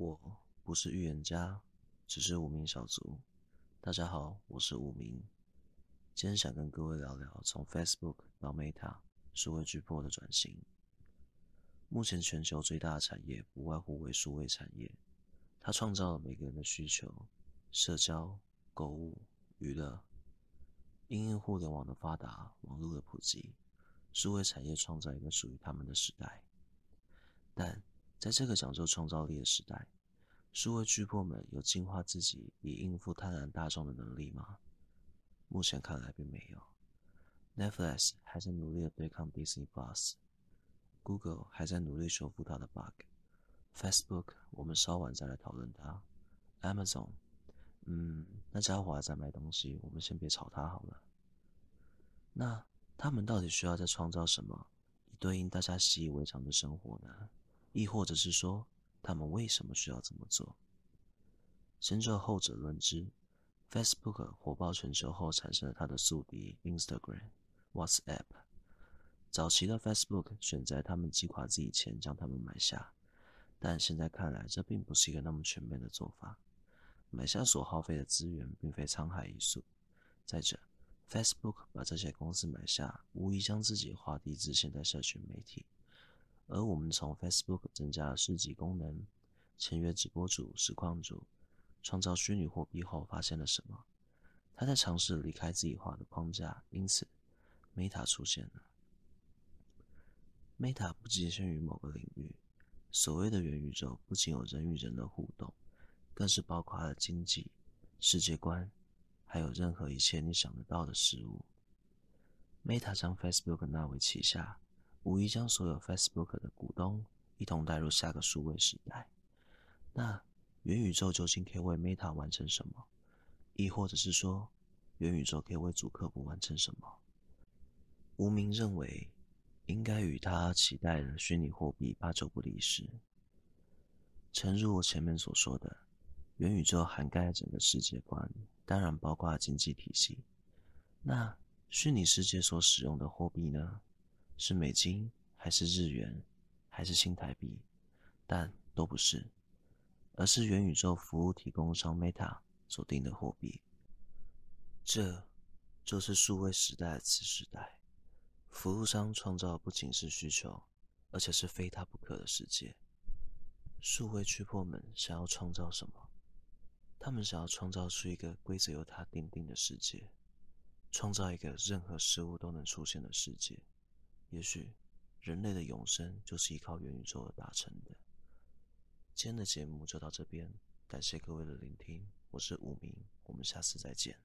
我不是預言家，只是無名小卒。大家好，我是無名。今天想跟各位聊聊從 Facebook 到 Meta 數位巨擘的轉型。目前全球最大的產業不外乎為數位產業，它創造了每個人的需求：社交、購物、娛樂。因應互聯網的發達、網絡的普及，數位產業創造一個屬於他們的時代。但在這個講究創造力的時代，數位巨擘們有進化自己以應付貪婪大眾的能力嗎？目前看來並沒有。Netflix 還在努力的對抗 Disney Plus，Google 還在努力修復它的 bug，Facebook 我們稍晚再來討論它。Amazon，嗯，那家伙還在賣東西，我們先別吵它好了。那他們到底需要再創造什麼，以對應大家習以為常的生活呢？亦或者是說，他們為什麼需要這麼做？先就後者論之，Facebook 火爆全球後，產生了它的宿敵 Instagram、WhatsApp。早期的 Facebook 選在他們擊垮自己前將他們買下，但現在看來這並不是一個那麼全面的做法。買下所耗費的資源並非滄海一粟。再者，Facebook 把這些公司買下，無疑將自己劃地自限在社群媒體。而我們從 Facebook 增加了市集功能、簽約直播主、實況主、創造虛擬貨幣後，發現了什麼？他在嘗試離開自己畫的框架，因此 Meta 出現了。Meta 不僅限於某個領域。所謂的元宇宙不僅有人與人的互動，更是包括了經濟、世界觀，還有任何一切你想得到的事物。Meta 將 Facebook 納為旗下。無疑將所有 Facebook 的股東一同帶入下個數位時代。那元宇宙究竟可以為 Meta 完成什麼？亦或者是說，元宇宙可以為主客戶完成什麼？無名認為，應該與他期待的虛擬貨幣八九不離十。誠如我前面所說的，元宇宙涵蓋了整個世界觀，當然包括經濟體系。那虛擬世界所使用的貨幣呢？是美金還是日元，還是新台幣？但都不是，而是元宇宙服務提供商 Meta 所定的貨幣。這，就是數位時代的次時代。服務商創造的不僅是需求，而且是非他不可的世界。數位巨擘們想要創造什麼？他們想要創造出一個規則由他訂定的世界，創造一個任何事物都能出現的世界。也許，人類的永生就是依靠元宇宙而達成的。今天的節目就到這邊，感謝各位的聆聽。我是武明，我們下次再見。